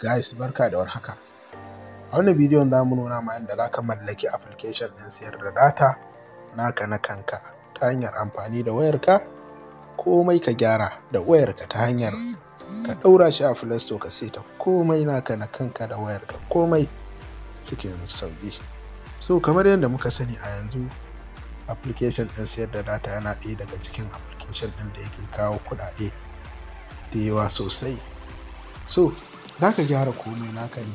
Guys barka da warhaka. A wannan bidiyon za mu nuna ma yadda za ka mallaki application ɗin sayar da data naka na kanka ta hanyar amfani da wayarka komai ka gyara da wayarka ta hanyar ka ɗaura shi a Play Store ka saita komai naka na kanka da wayarka komai suke sauƙi. So kamar yadda muka sani a yanzu application ɗin sayar da data yana ɗaya daga cikin application ɗin da yake kawo kuɗaɗe da yawa sosai. So zaka gyara komai naka ne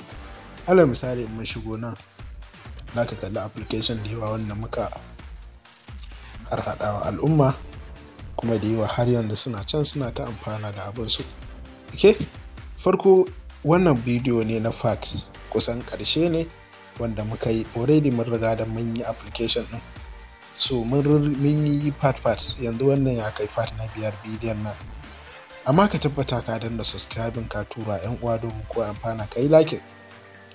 alal misali in mun shigo nan za ka kalli application da yawa wanda muka har hadawa al'umma kuma da yawa har yanzu suna can suna ta amfana da abin su okay? farko wannan bidiyo ne na fat kusan karshe ne wanda muka yi already mun riga da mun yi application ɗin so mun yi part part yanzu wannan ya kai fat na biyar bidiyon nan amma ka tabbata ka danna subscribe ka tura yan uwa domin ko amfana ka yi like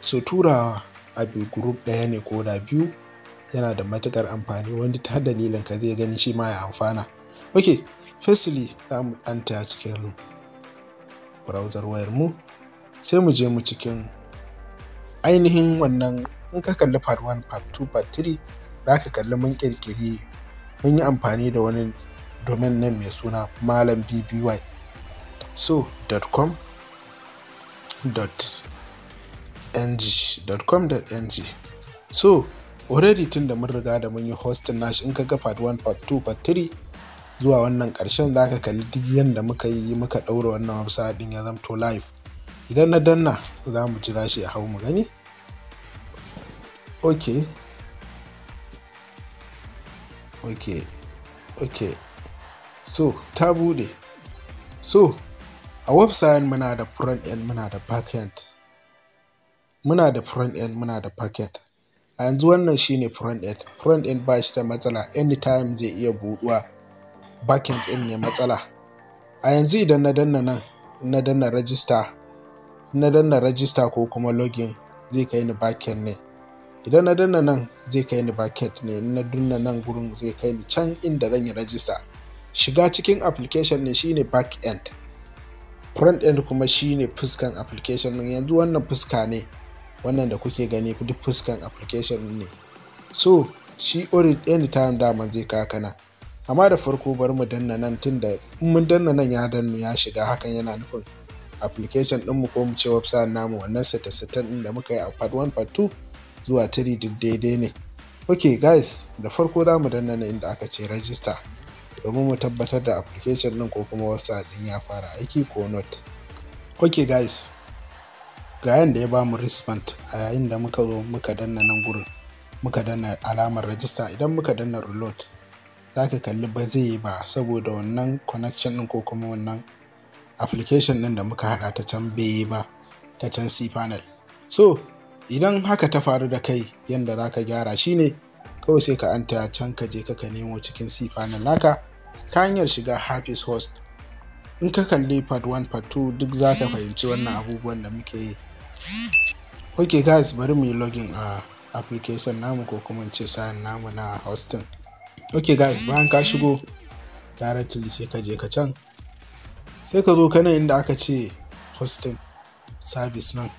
so turawa a group ɗaya ne ko da biyu yana da matukar amfani wanda ta dalilin ka zai gani shi ma ya amfana ok firstly za mu ɗanta cikin browser wayar mu sai mu je mu cikin ainihin wannan in ka kalli part 1 part 2 part 3 za ka kalli mun kirkiri mun yi amfani da wani domain nan mai suna malam bby so.com.ng. so already tun da mun riga da mun yi hosting nash in ka ga part 1 part 2 part 3 zuwa wannan karshen za ka kalli duk yadda muka yi muka ɗaura wannan website din ya zamto live idan na danna za mu jira shi ya hau mu gani ok ok ok so ta bude so a website muna da front end muna da back end muna da front end muna da end a yanzu wannan shine front end front end ba shi da matsala anytime zai iya buɗuwa back end ɗin ne matsala a yanzu idan na danna nan na danna register na danna register ko kuma login zai kai ni back end ne idan na danna nan zai kai ni end ne na danna nan gurin zai kai ni can inda zan yi rajista shiga cikin application ne shine back end front end kuma shine fuskan application din yanzu wannan fuska ne wannan da kuke gani duk fuskan application ne so shi already anytime daman zai kakana amma da farko bari mu danna nan tun da in mun danna nan ya danna ya shiga hakan yana nufin application mu ko mu ce website namu wannan sata-satan ɗin da muka yi a part 1 part 2 zuwa 3 duk daidai ne ok guys da farko za mu danna nan inda aka ce register domin mu tabbatar da application ɗin ko kuma whatsapp din ya fara aiki ko not ok guys ga yanda ya bamu respond a yayin da muka zo muka danna nan gurin muka danna alamar register idan muka danna reload zaka kalli ba zai yi ba saboda wannan connection din ko kuma wannan application ɗin da muka haɗa ta can bai ba ta can cpanel so idan haka ta faru da kai yanda za ka gyara shine kawai sai ka anta can ka je ka nemo cikin cpanel naka ta hanyar shiga Hafiz Host. In ka kalli part 1 part 2 duk za ka fahimci wannan abubuwan da muke yi. Ok guys bari mu yi login a application namu ko kuma ce sayan namu na hosting. Ok guys bayan ka shigo directly sai ka je ka can. Sai ka zo kana inda aka ce hosting service nan.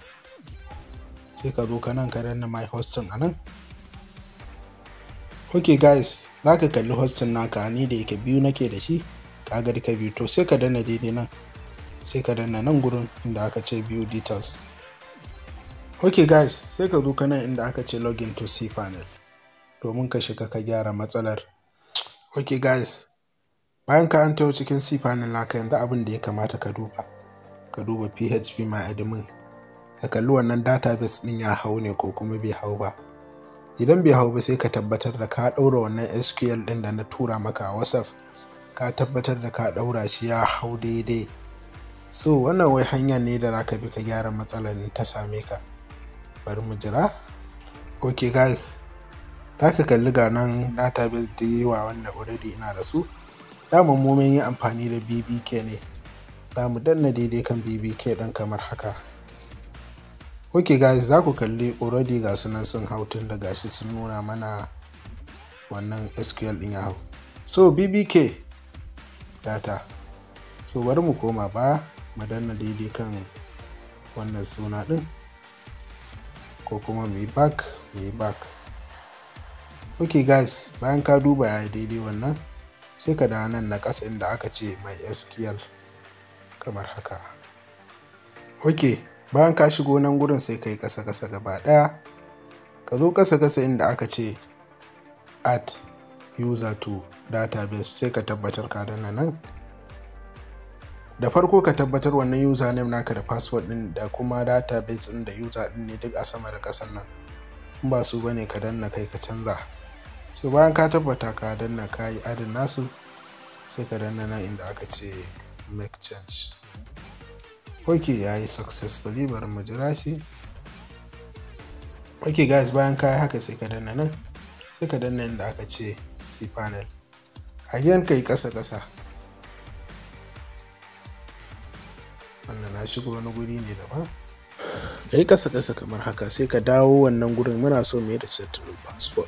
Sai ka zo kanan ka danna my hosting a nan. ok guys ka kalli hotsin naka ni da yake biyu nake da shi ka ga biyu to sai ka danna daidai nan sai ka danna nan gurin inda aka ce view details ok guys sai ka zo nan inda aka ce login to cpanel domin ka shiga ka gyara matsalar ok guys bayan ka an cikin cpanel naka yanzu abin da ya kamata ka duba ka duba php my admin ka kalli wannan database din ya hau ne ko kuma bai hau ba idan bai hau ba sai ka tabbatar da ka ɗaura wannan sql ɗin da na tura maka wasaf ka tabbatar da ka ɗaura shi ya hau daidai so wannan wai hanya ne da zaka bi ka gyara matsalar ta same ka bari mu jira ok guys ka kalli ga nan database da yawa wanda already ina da su dama mu yi amfani da bbk ne za mu danna daidai kan bbk ɗin kamar haka ok guys za ku kalli already ga sunan sun hau tun da gashi sun nuna mana wannan sql din ya hau so bbk data so bari mu koma ba mu danna daidai kan wannan suna din ko kuma mu yi back mu yi back ok guys bayan ka duba ya daidai wannan sai ka dawo nan na ƙasa inda aka ce mai sql kamar haka ok bayan ka shigo nan gurin sai kai kasa kasa gaba daya ka zo kasa kasa inda aka ce at user to database sai ka tabbatar ka danna nan da farko ka tabbatar wannan username naka da password din da kuma database din da user din ne duk a sama da kasan nan in ba su bane ka danna kai ka canza so bayan ka tabbata ka danna ka yi adin nasu sai ka danna nan inda aka ce make change ok ya yi successfully bari mu jira shi ok guys bayan kayi haka sai ka danna nan sai ka danna inda aka ce cpanel again ka yi ƙasa ƙasa wannan na shigo wani guri ne daban ka yi ƙasa ƙasa kamar haka sai ka dawo wannan gurin muna so mu yi da settlement passport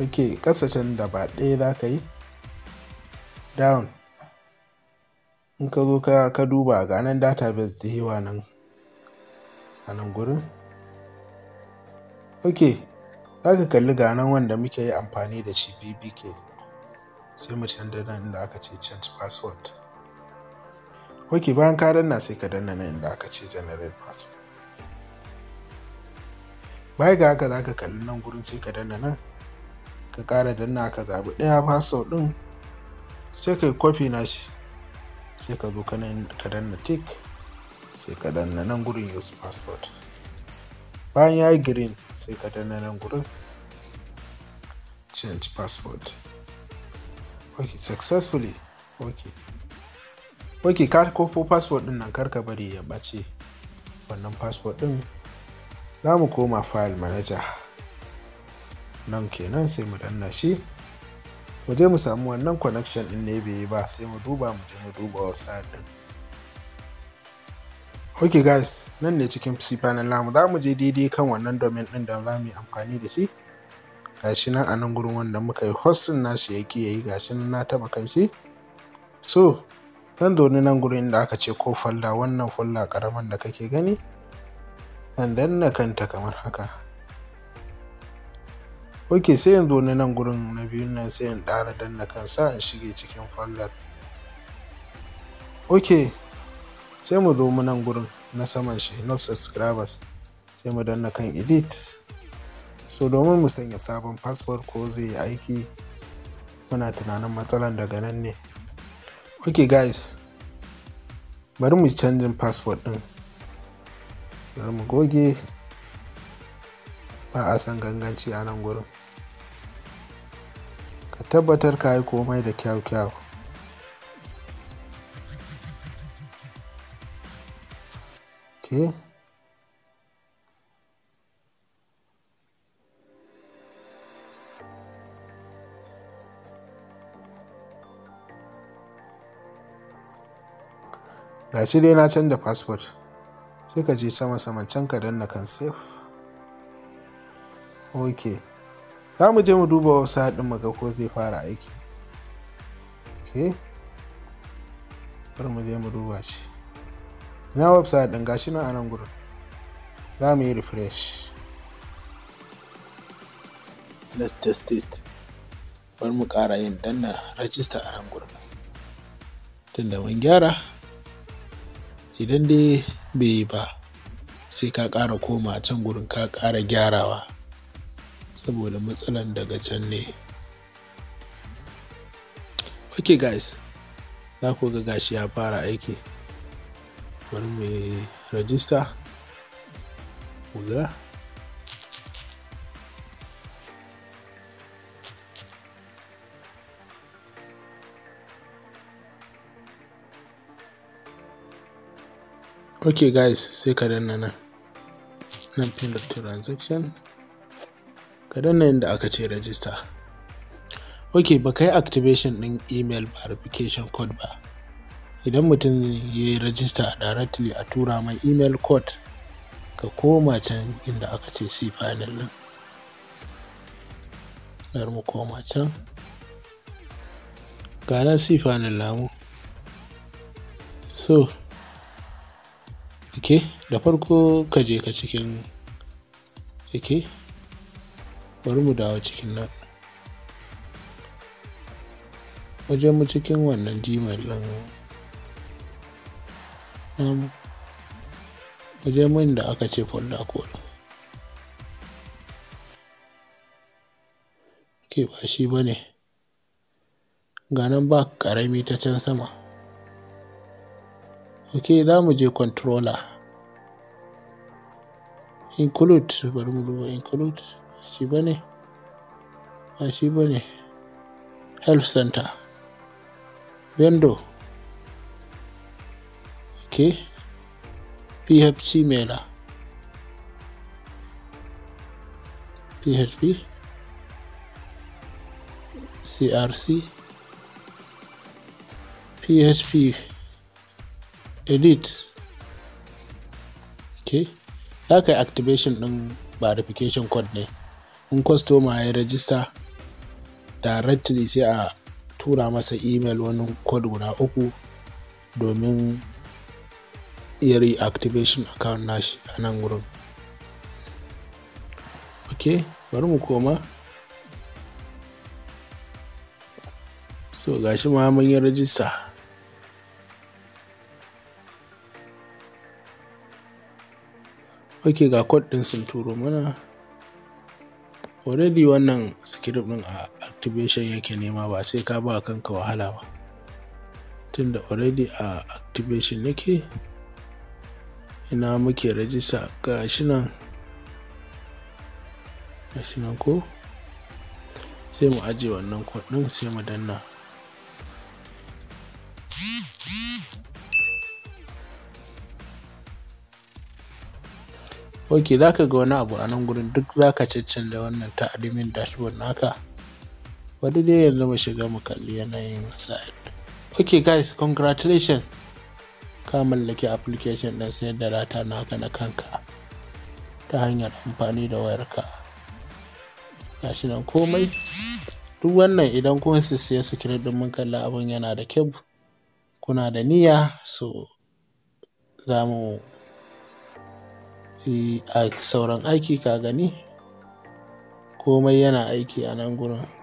ok ƙasa can da ba ɗaya za ka yi down in ka zo ka duba ga nan database da yawa nan a nan gurin ok za ka kalli ga nan wanda muke yi amfani da shi bbk sai mu canza nan inda aka ce change password ok bayan ka danna sai ka danna nan inda aka ce generate password Bai ga haka za ka kalli nan gurin sai ka danna nan ka ƙara danna ka zaɓi ɗaya password ɗin sai ka yi kwafi na shi sai ka zo ka danna tick sai ka danna nan gurin use passport bayan ya yi green sai ka danna nan gurin change passport ok successfully ok ok ka kofo passport din nan karka bari ya bace wannan passport din za mu koma file manager nan kenan sai mu danna shi mu je mu samu wannan connection ɗin ne bai yi ba sai mu duba mu je mu duba website ɗin ok guys nan ne cikin cpanel lamu za mu je daidai kan wannan domain ɗin da za mu yi amfani da shi gashi nan a nan gurin wanda muka yi hosting nashi ya ki yayi gashi nan na taba kan shi so zan doni nan gurin inda aka ce ko folder wannan folder karaman da kake gani zan danna kanta kamar haka Ok sai yanzu zo na nan gurin na biyun nan sai in ɗara danna kansa in shige cikin folder. Ok sai mu zo mu nan gurin na saman shi no subscribers sai mu danna kan edit. So domin mu sanya sabon passport ko zai yi aiki muna tunanin matsalan daga nan ne. Ok guys bari mu canjin passport ɗin. Bari goge ba a san ganganci a nan gurin. tabbatar ka yi komai da kyau kyau okay. ga shi dai na canza passport sai ka je sama saman can ka danna kan safe ok za mu je mu duba wasu haɗin maga ko zai fara aiki ok bari mu je mu duba shi ina website ɗin gashi nan a nan za mu yi refresh let's test it bari mu ƙara yin danna register a nan tun da mun gyara idan dai bai yi ba sai ka ƙara koma can gudun ka ƙara gyarawa saboda matsalan daga can ne ok guys za ku ga gashi ya fara aiki bari mu rajista ku ga guys sai ka danna nan nan pin transaction ka nan da aka ce register ok ba ka yi activation ɗin email verification code ba idan mutum ya yi register directly a tura mai email code ka koma can inda aka ce c final ɗin bari mu koma can ga nan c final namu so ok da farko ka je ka cikin ok bari mu dawo cikin nan wajen mu cikin wannan gmail ɗin namu waje mun da aka ce folder code ke ba shi ba ne ga nan ba karami ta can sama ok za mu je controller include bari mu duba include Shi ba ne? shi ba ne. center. Vendor. ok PHP mailer. PHP. CRC. PHP. Edit. ok Za ka yi activation din verification code ne. in kwastoma ya rajista directly sai a tura masa email wani code guda uku domin ya reactivation account nashi a nan gurin ok bari mu koma so gashi ma mun yi rajista ok ga code din sun turo mana already wannan script din a activation yake nema ba sai ka ba kanka wahala ba tunda already a activation yake ina muke rajista ga shi nan ga nan ko sai mu ajiye wannan code sai mu danna Ok, za ka ga wani abu a nan gurin duk za ka caccanza wannan ta admin dashboard naka. wadda dai yanzu mu shiga mu kalli yanayin side Ok guys, congratulations! Ka mallaki application ɗin sayar da data naka na kanka ta hanyar amfani da wayarka. shi nan komai. Duk wannan idan kun siya sikirin ɗin mun kalli abin yana da kyau. Kuna da niyya so za mu a sauran aiki ka gani komai yana aiki a nan gurin.